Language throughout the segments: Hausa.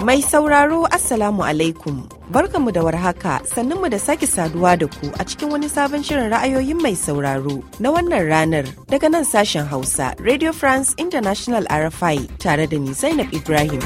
Mai sauraro Assalamu alaikum. Barkanmu da warhaka mu da sake saduwa da ku a cikin wani sabon shirin ra'ayoyin mai sauraro na wannan ranar daga nan sashen Hausa Radio France International RFI tare da ni Zainab Ibrahim.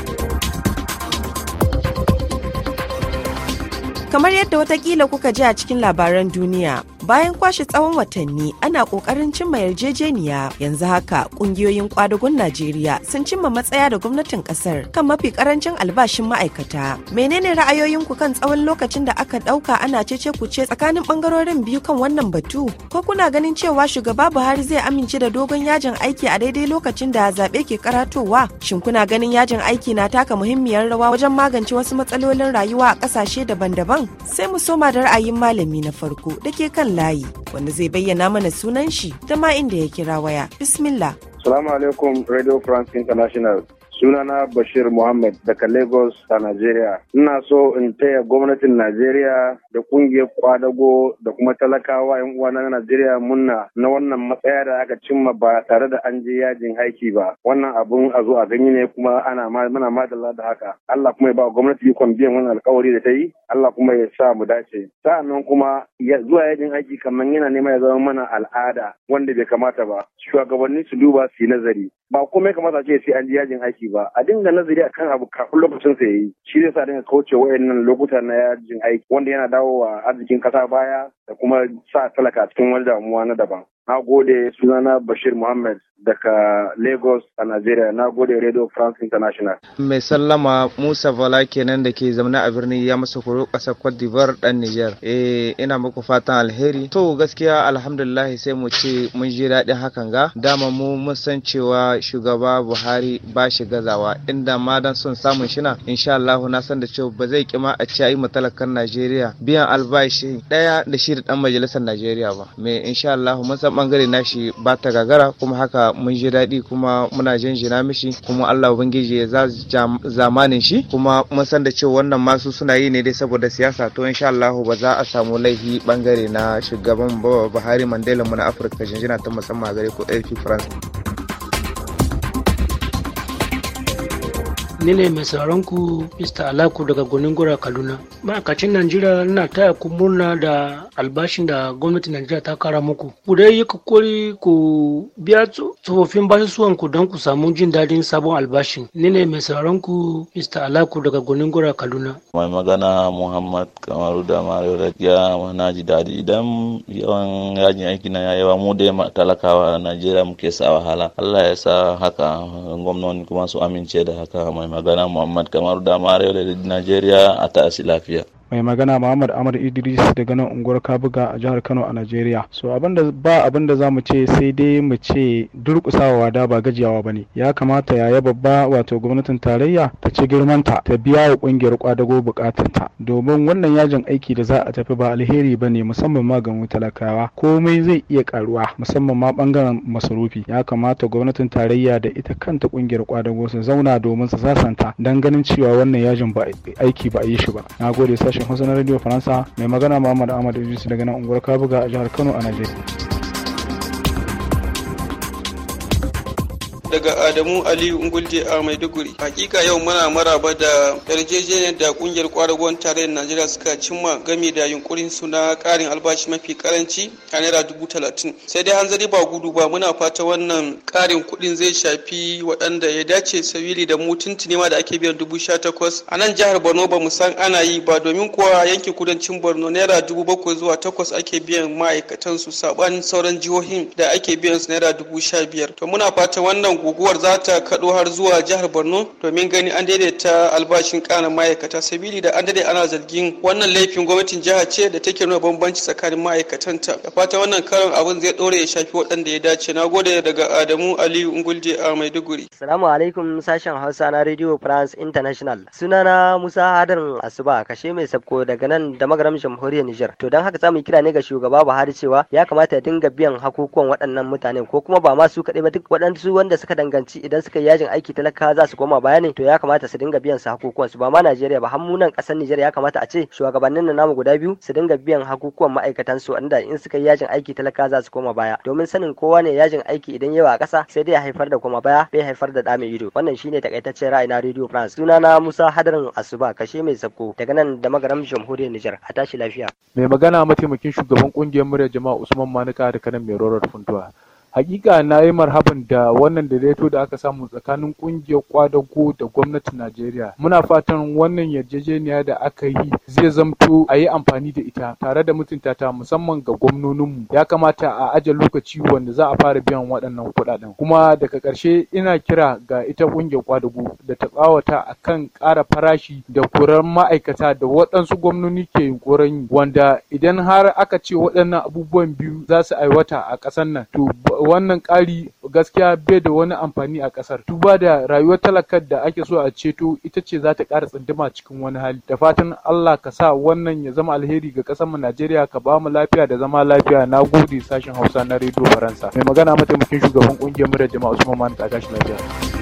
Kamar yadda watakila kuka ji a cikin labaran duniya, bayan kwashe tsawon watanni ana kokarin cimma yarjejeniya yanzu haka kungiyoyin kwadagon najeriya sun cimma matsaya da gwamnatin kasar kan mafi karancin albashin ma'aikata menene ra'ayoyinku kan tsawon lokacin da aka dauka ana cece ku ce tsakanin bangarorin biyu kan wannan batu ko kuna ganin cewa shugaba buhari zai amince da dogon yajin aiki a daidai lokacin da zaɓe ke karatowa shin kuna ganin yajin aiki na taka muhimmiyar rawa wajen magance wasu matsalolin rayuwa a ƙasashe daban-daban sai mu soma da ra'ayin malami na farko da ke kan layi wanda zai bayyana mana sunan shi da ma inda ya kira waya. Bismillah. Salamu alaikum Radio France International. sunana bashir muhammad daga lagos a nigeria ina so in taya gwamnatin nigeria da kungiyar kwadago da kuma talakawa yan uwa na nigeria munna na wannan matsaya da aka cimma ba tare da an je yajin aiki ba wannan abun a zo a gani ne kuma ana mana madalla da haka allah kuma ya ba gwamnati ikon biyan wannan alkawari da ta yi allah kuma ya sa mu dace sa'annan kuma zuwa yajin aiki kamar yana nema ya zama mana al'ada wanda bai kamata ba shugabanni su duba su yi nazari ba kuma ya kamata ce sai an je yajin aiki ba a dinga nazari akan abu kafin lokacin sa yayi shi zai sa dinga kauce wayannan lokuta na yajin aiki wanda yana dawo wa arzikin kasa baya da kuma sa talaka cikin wani damuwa na daban Na gode sunana Bashir Muhammad daga Lagos a Najeriya. Na gode Radio France International. Mai sallama Musa Vala kenan da ke zaune a birnin ya masa koro ƙasar Cote d'Ivoire ɗan Niger. Eh ina muku fatan alheri. To gaskiya alhamdulillah sai mu ce mun ji daɗin hakan ga. Dama mu mun san cewa shugaba Buhari ba shi gazawa inda ma dan son samun shina insha Allah na san da cewa ba zai kima a ci mu talakan Najeriya biyan albashi ɗaya da shi da ɗan majalisar Najeriya ba. Me insha Allah mun san wannan bangare shi ba ta gagara kuma haka mun ji daɗi kuma muna jinjina mishi kuma Allah ubangiji ya zamanin shi kuma mun san da cewa wannan masu suna yi ne dai saboda siyasa to insha Allah ba za a samu laifi bangare na shugaban Buhari Mandela mu na Afirka jinjina ta musamman gare ku AFP France ni ne mai sauran ku Mr. Alaku daga Goningora Kaduna. Ma'aikacin Najeriya na taya ku murna da albashin da gwamnatin Najeriya ta kara muku. Ku dai yi kokori ku biya tsofaffin basusuwan ku don ku samu jin daɗin sabon albashin. Ni ne mai sauran ku Mr. Alaku daga Goningora Kaduna. Mai magana Muhammad Kamaru da Mario ya na ji daɗi idan yawan yajin aiki na ya yawa mu dai talakawa a Najeriya muke sa wahala. Allah ya sa haka gwamnoni kuma su amince da haka mai magana muhammad kamar da yau da najeriya a ta'asi lafiya mai magana Muhammad Amar Idris daga nan unguwar Kabuga a jihar Kano a Najeriya. So abinda ba abinda za mu ce sai dai mu ce durƙusawa wada ba gajiyawa bane Ya kamata yaya babba wato gwamnatin tarayya ta ci girmanta ta biya wa ƙungiyar kwadago ta Domin wannan yajin aiki da za a tafi ba alheri ba ne musamman ma ga mu talakawa. Komai zai iya karuwa musamman ma bangaren masarufi. Ya kamata gwamnatin tarayya da ita kanta ƙungiyar kwadago su zauna domin su sasanta dan ganin cewa wannan yajin ba aiki ba a yi shi ba. Na gode sashen sashen Hausa na Radio Faransa mai magana Muhammad Ahmad Idris daga nan unguwar Kabuga a jihar Kano a Najeriya. daga Adamu Aliyu Ungulde a Maiduguri. Hakika yau muna maraba da yarjejeniyar da kungiyar kwaragon tarayyar Najeriya suka cimma game da yunkurin su na karin albashi mafi karanci a naira dubu talatin. Sai dai hanzari ba gudu ba muna fata wannan karin kuɗin zai shafi waɗanda ya dace sabili da mutunci ne da ake biyan dubu sha takwas. A nan jihar Borno ba mu san ana yi ba domin kuwa yankin kudancin Borno naira dubu bakwai zuwa takwas ake biyan ma'aikatan su saɓanin sauran jihohin da ake biyan su naira dubu sha biyar. To muna fata wannan guguwar za ta kaɗo har zuwa jihar borno domin gani an daidaita albashin ƙana ma'aikata sabili da an daidai ana zargin wannan laifin gwamnatin jiha ce da take nuna bambanci tsakanin ma'aikatanta da fata wannan karin abin zai ɗore ya shafi waɗanda ya dace na gode daga adamu aliyu ungulje a maiduguri salamu alaikum sashen hausa na radio france international sunana musa hadarin asuba kashe mai sabko daga nan da magaram jamhuriyar niger to don haka zamu kira ne ga shugaba buhari cewa ya kamata ya dinga biyan hakukuwan waɗannan mutane ko kuma ba ma su kaɗai ba duk waɗansu wanda suka ta danganci idan suka yi yajin aiki talaka za su koma baya ne to ya kamata su dinga biyan su hakukuwan su ba ma Najeriya ba har kasar Nijar ya kamata a ce shugabannin nan namu guda biyu su dinga biyan hakukuwan ma'aikatan su inda in suka yi yajin aiki talaka za su koma baya domin sanin kowa ne yajin aiki idan yawa a kasa sai dai ya haifar da koma baya bai haifar da dame ido wannan shine takaitaccen ra'ayi na Radio France na Musa Hadarin Asuba kashe mai sabko daga nan da magaram jamhuriyar Nijar a tashi lafiya mai magana mataimakin shugaban kungiyar murya jama'a Usman Manuka da kanan mai rorar funtuwa Hakika na yi marhaban da wannan daidaito da aka samu tsakanin kungiyar kwadago da gwamnatin Najeriya. Muna fatan wannan yarjejeniya da aka yi zai zamto a yi amfani da ita tare da mutunta ta musamman ga gwamnoninmu. Ya kamata a ajiye lokaci wanda za a fara biyan waɗannan kuɗaɗen. Kuma daga ƙarshe ina kira ga ita kungiyar kwadago da ta tsawata a kan ƙara farashi da kurar ma'aikata da waɗansu gwamnoni ke yunƙurin wanda idan har aka ce waɗannan abubuwan biyu za su aiwata a ƙasar nan to wannan ƙari gaskiya bai da wani amfani a ƙasar duba da rayuwar talakar da ake so a ceto ita ce za ta ƙara tsinduma cikin wani hali da fatan Allah ka sa wannan ya zama alheri ga ƙasar mu Najeriya ka ba mu lafiya da zama lafiya na gode sashen Hausa na rediyo Faransa mai magana mataimakin shugaban ƙungiyar murar jama'a Usman Manta tashi lafiya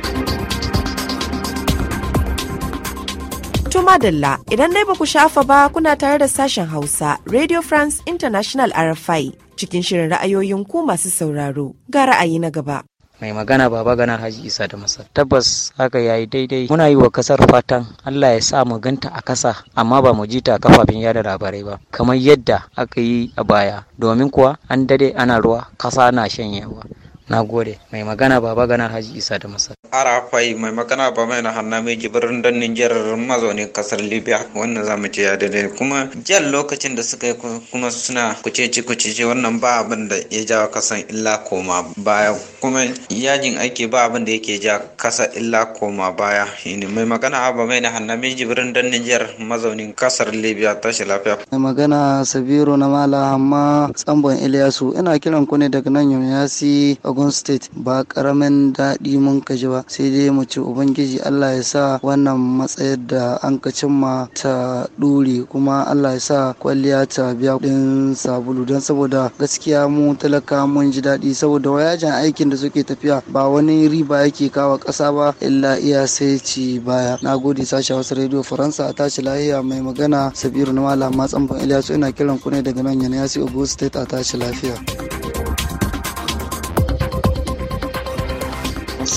To madalla idan dai ba ku shafa ba kuna tare da sashen Hausa Radio France International RFI cikin shirin ra'ayoyin ku masu sauraro ga ra'ayi na gaba. mai magana baba ganar haji isa da masar tabbas haka yayi daidai muna yi wa kasar fatan allah ya sa mu ganta a kasa amma ba mu ji ta kafafen yada labarai ba kamar yadda aka yi a baya domin kuwa an dade ana ruwa kasa na shanyewa na gode mai magana baba gana haji isa da masar arafai mai magana ba mai na hannu mai jibirin don nijar mazaunin kasar libya wannan zamu ce ya daidai kuma jan lokacin da suka yi kuma suna kuceci kuceci wannan ba abin da ya jawo kasan illa koma baya kuma yajin aiki ba abin da yake ja kasa illa koma baya ne mai magana ba mai na hannu mai jibirin don nijar mazaunin kasar libya tashi lafiya mai magana sabiru na mala amma tsambon iliyasu ina kiran ku ne daga nan yasi Ogun State ba karamin daɗi mun ka ji ba sai dai mu ce Ubangiji Allah ya sa wannan matsayar da an ka cimma ta ɗure kuma Allah ya sa kwalliya ta biya ɗin sabulu don saboda gaskiya mu talaka mun ji daɗi saboda wayajen aikin da suke tafiya ba wani riba yake kawo ƙasa ba illa iya sai ci baya. Na gode sashen wasu rediyo Faransa a tashi lahiya mai magana Sabiru na malama tsamfan Iliyasu ina kiran ku ne daga nan Yanayasi Ogun State a tashi lafiya.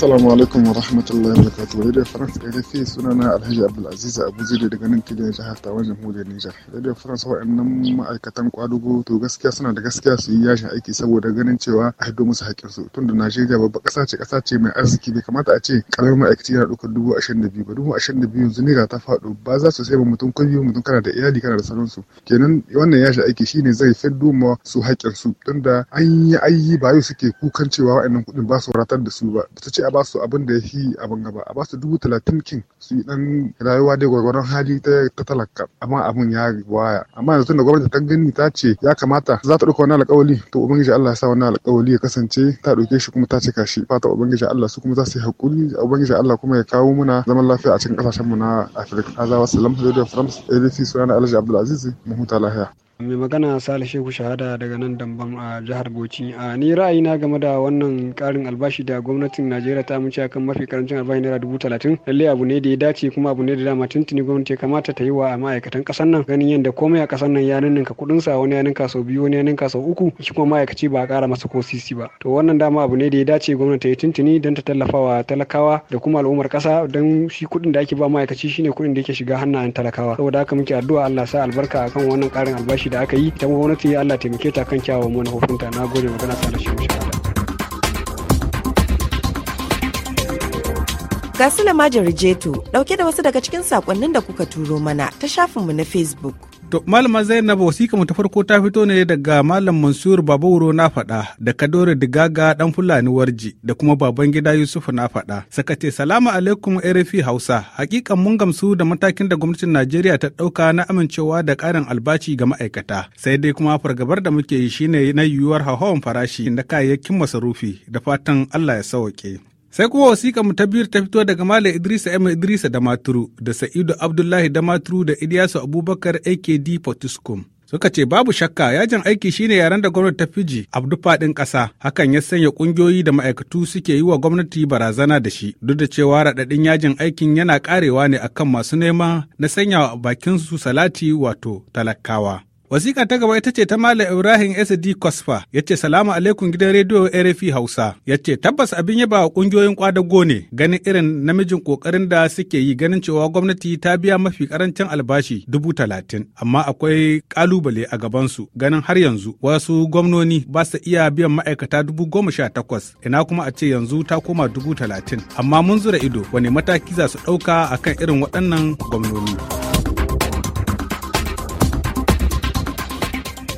Assalamu alaikum wa rahmatullahi wa barakatuh. da France RFI sunana Alhaji Abdulaziz Abu Zidi daga nan Kidin jihar Tawan Jamhuriyar Nijar. da France waɗannan ma'aikatan kwadugo to gaskiya suna da gaskiya su yi yashin aiki saboda ganin cewa a hiddo musu haƙƙin su. Tunda Najeriya babba ƙasa ce ƙasa ce mai arziki bai kamata a ce ƙaramar ma'aikaci yana ɗaukar dubu ashirin da biyu ba dubu ashirin da biyu yanzu ta faɗo ba za su sai ba mutum ko mutum kana da iyali kana da su Kenan wannan yashin aiki shine zai fi duma su haƙƙin su tunda an yi ba yau suke kukan cewa waɗannan kuɗin ba su da su ba. ba su abin da ya fi abin gaba a ba su dubu talatin kin su yi dan rayuwa dai gwargwaron hali ta talaka amma abin ya waya amma yanzu da gwamnati ta gani ta ce ya kamata za ta ɗauka wani alƙawali to ubangiji Allah ya sa wani alƙawali ya kasance ta ɗauke shi kuma ta cika shi fata ubangiji Allah su kuma za su yi hakuri ubangiji Allah kuma ya kawo muna zaman lafiya a cikin ƙasashen mu na Afirka. Azawa salam da France ADC sunana Alhaji Abdulaziz mu huta lafiya. mai magana sale shehu shahada daga nan damban a jihar bauchi a ni na game da wannan karin albashi da gwamnatin najeriya ta amince akan mafi karancin albashi naira dubu talatin lallai abu ne da ya dace kuma abu ne da dama tuntuni gwamnati ya kamata ta yi wa ma'aikatan kasan nan ganin yadda komai a kasan nan ya ninninka kudin sa wani ya ninka sau biyu wani ya ninka sau uku shi kuma ma'aikaci ba a kara masa ko sisi ba to wannan dama abu ne da ya dace gwamnati ta yi tuntuni don ta tallafa wa talakawa da kuma al'ummar kasa don shi kuɗin da ake ba ma'aikaci shine kudin da yake shiga hannayen talakawa saboda haka muke addu'a Allah sa albarka akan wannan karin albashi da aka yi ita gwamnati Allah taimake ta kan kyawawan manufofinta na gode magana sa da shi ga Sulema Jarijeto dauke da wasu daga cikin sakonnin da kuka turo mana ta shafinmu na Facebook. To Malama Zainab wasiƙa mu ta farko ta fito ne daga Malam Mansur Babawuro na faɗa da Kadore Digaga ɗan Fulani Warji da kuma baban gida Yusufu na faɗa. Sakace salamu alaikum RFI Hausa. Hakikan mun gamsu da matakin da gwamnatin Najeriya ta ɗauka na amincewa da ƙarin albashi ga ma'aikata. Sai dai kuma fargabar da muke yi shine na yiwuwar hauhawan farashi na kayayyakin masarufi da fatan Allah ya sauke. Sai kuma wasiƙa mu ta biyu ta fito daga Malam Idrisa M Idrisa da Maturu da Sa'idu Abdullahi da Maturu da idiyasu Abubakar AKD Potiskum. Suka ce babu shakka yajin aiki shine yaren da gwamnati ta Fiji a duk faɗin ƙasa. Hakan ya sanya ƙungiyoyi da ma'aikatu suke yi wa gwamnati barazana da shi duk da cewa raɗaɗin yajin aikin yana ƙarewa ne akan masu nema na sanya bakin su salati wato talakawa. Wasiƙa ta gaba ita ce ta Malam Ibrahim SD Kosfa ya ce salamu alaikum gidan rediyo RFI Hausa ya ce tabbas abin yaba wa ƙungiyoyin ƙwadago ne ganin irin namijin ƙoƙarin da suke yi ganin cewa gwamnati ta biya mafi ƙarancin albashi dubu talatin amma akwai ƙalubale a gaban su ganin har yanzu wasu gwamnoni ba su iya biyan ma'aikata dubu goma sha takwas ina kuma a ce yanzu ta koma dubu talatin amma mun zura ido wani mataki za su ɗauka akan irin waɗannan gwamnoni.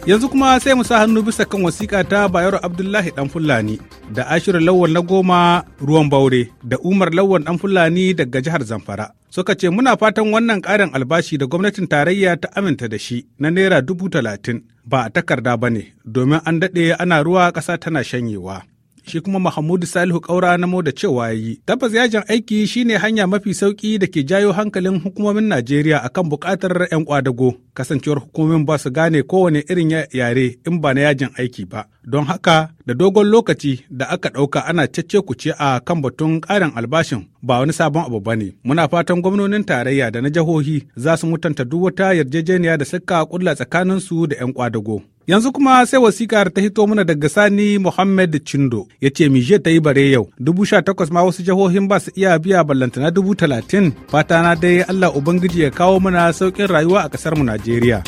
yanzu kuma sai mu sa hannu bisa kan wasiƙa ta bayero abdullahi dan fulani da ashirin lawan na goma ruwan baure da umar lawan dan fulani daga jihar zamfara suka ce muna fatan wannan ƙarin albashi da gwamnatin tarayya ta aminta da shi na naira dubu talatin ba a takarda ba ne domin an daɗe ana ruwa ƙasa tana shanyewa shi kuma Mahmudu Salihu Kaura na da cewa yi. Tabbas yajin aiki shine hanya mafi sauki da ke jayo hankalin hukumomin Najeriya akan bukatar 'yan kwadago. Kasancewar hukumomin ba su gane kowane irin yare in ba na yajin aiki ba. Don haka da dogon lokaci da aka ɗauka ana cece kuce a kan batun ƙarin albashin ba wani sabon abu ba ne. Muna fatan gwamnonin tarayya da na jihohi za su mutunta duk wata yarjejeniya da suka kulla tsakaninsu da 'yan kwadago. Yanzu kuma sai wasikar ta hito mana daga Sani Muhammad Chindo ya ce Mije ta yi bare yau. Dubu sha takwas ma wasu jihohin ba su iya biya ballantana dubu talatin. Fata na dai Allah Ubangiji ya kawo mana sauƙin rayuwa a ƙasarmu Najeriya.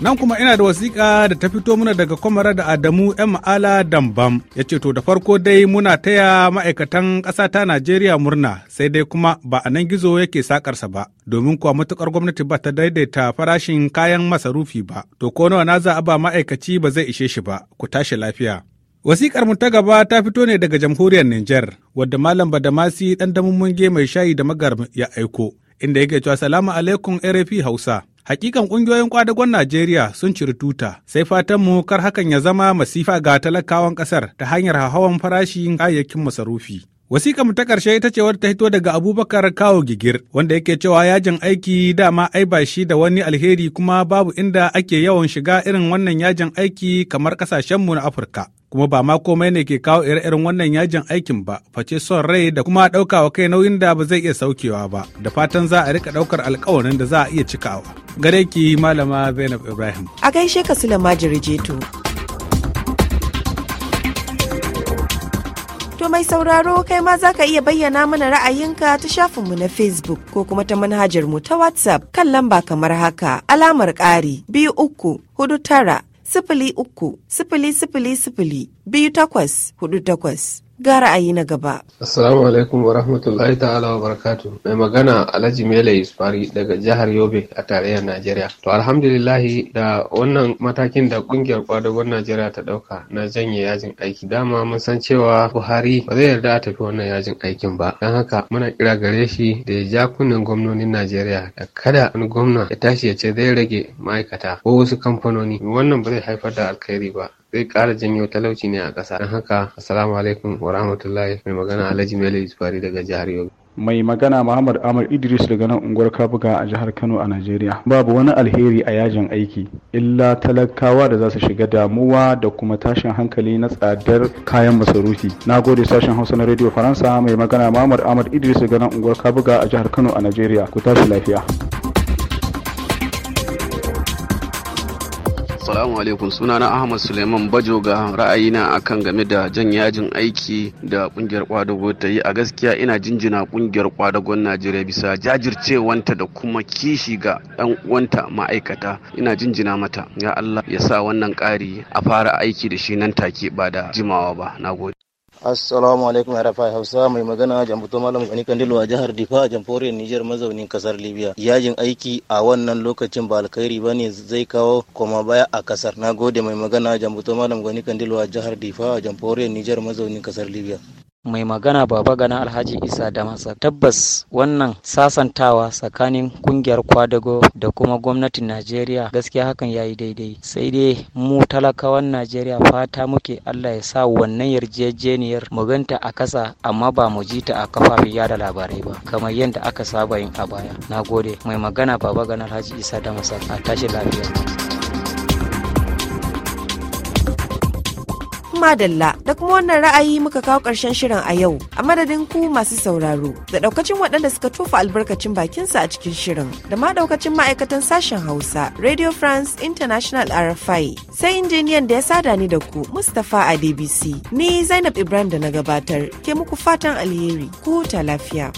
Nan kuma ina da wasiƙa da ta fito muna daga kwamara da Adamu 'yan ma'ala Dambam ya ce to da farko dai muna taya ma'aikatan ƙasa ta Najeriya murna sai dai kuma ba a nan gizo yake sakarsa ba domin kuwa matuƙar gwamnati ba ta daidaita farashin kayan masarufi ba to ko nawa na za a ba ma'aikaci ba zai ishe shi ba ku tashi lafiya. Wasiƙar mu ta gaba ta fito ne daga jamhuriyar Nijar wadda Malam Badamasi ɗan damun mai shayi da magar ya aiko inda yake cewa salamu alaikum RFI Hausa. Hakikan kungiyoyin kwadagon Najeriya sun ciri tuta, sai fatan mu kar hakan ya zama masifa ga talakawan kasar ta hanyar hawan farashin kayayyakin masarufi. Wasiƙa mu ta ƙarshe ita ce wadda ta hito daga Abubakar Kawo Gigir, wanda yake cewa yajin aiki dama ai ba shi da wani alheri kuma babu inda ake yawan shiga irin wannan yajin aiki kamar ƙasashenmu na Afirka. Kuma ba ma komai ne ke kawo ire-iren wannan yajin aikin ba, face son rai da kuma ɗaukawa kai nauyin da ba zai iya saukewa ba, da fatan za a rika ɗaukar alkawarin da za a iya cikawa. gare ki malama zainab ibrahim a gaishe ka sulama jeto to mai sauraro kai ma za ka iya bayyana mana ra'ayinka ta shafinmu na facebook ko kuma ta manhajar mu ta whatsapp kan lamba kamar haka alamar ƙari biyu uku hudu tara sifili uku sifili sifili sifili biyu takwas hudu takwas ga ra'ayi na gaba. Assalamu alaikum wa rahmatullahi ta'ala wa barakatu. Mai magana Alhaji Mele Yusufari daga jihar Yobe a tarayyar Najeriya. To alhamdulillahi da wannan matakin da kungiyar kwadagon Najeriya ta dauka na janye yajin aiki dama mun san cewa Buhari ba zai yarda a tafi wannan yajin aikin ba. Dan haka muna kira gare shi da ya ja kunnen gwamnonin Najeriya da kada wani gwamna ya tashi ya ce zai rage ma'aikata ko wasu kamfanoni. Wannan ba zai haifar da alkhairi ba. zai ƙara janyo talauci ne a ƙasa. Don haka, Assalamu alaikum wa rahmatullahi mai magana Alhaji Mele Yusufari daga jihar Yobe. mai magana Muhammad Amar Idris daga nan unguwar Kabuga a jihar Kano a Najeriya. Babu wani alheri a yajin aiki, illa talakawa da za su shiga damuwa da kuma tashin hankali na tsadar kayan masarufi. Na gode sashen Hausa na Radio Faransa mai magana Muhammad Amar Idris daga nan unguwar Kabuga a jihar Kano a Najeriya. Ku tashi lafiya. Assalamu alaikum na Ahmad Suleiman Bajoga ra'ayina akan game da jan yajin aiki da kungiyar kwadago ta yi a gaskiya ina jinjina kungiyar kwadagon Najeriya bisa jajircewanta da kuma kishi ga dan uwanta ma'aikata ina jinjina mata ya Allah ya sa wannan ƙari a fara aiki da shi nan take ba da jimawa ba nagode Assalamu alaikum ya rafa Hausa mai magana jambuto malam Gani Kandilu a jihar Difa jamhuriyar Nijar mazaunin kasar Libya. Yajin aiki a wannan lokacin ba alkhairi ba ne zai kawo koma baya a kasar. Na gode mai magana jambuto malam Gani Kandilu a jihar Difa jamhuriyar Nijar mazaunin kasar Libya. mai magana baba gana alhaji isa masa tabbas wannan sasantawa tsakanin kungiyar kwadago da kuma gwamnatin najeriya gaskiya hakan ya yi daidai sai dai mu talakawan najeriya fata muke allah ya sa wannan yarjejeniyar mu ganta a kasa amma ba mu ji ta a kafafen yada labarai ba kamar yadda aka saba yin a baya na gode mai magana baba gana alhaji isa damasa a tashi lafiya madalla da kuma wannan ra'ayi muka kawo ƙarshen shirin a yau a madadin ku masu sauraro da ɗaukacin waɗanda suka tofa albarkacin bakinsa a cikin shirin da ma ɗaukacin ma'aikatan sashen hausa radio france international rfi sai injiniyan da ya sada ni da ku mustapha a dbc ni zainab ibrahim da na gabatar ke muku fatan alheri ku ta lafiya.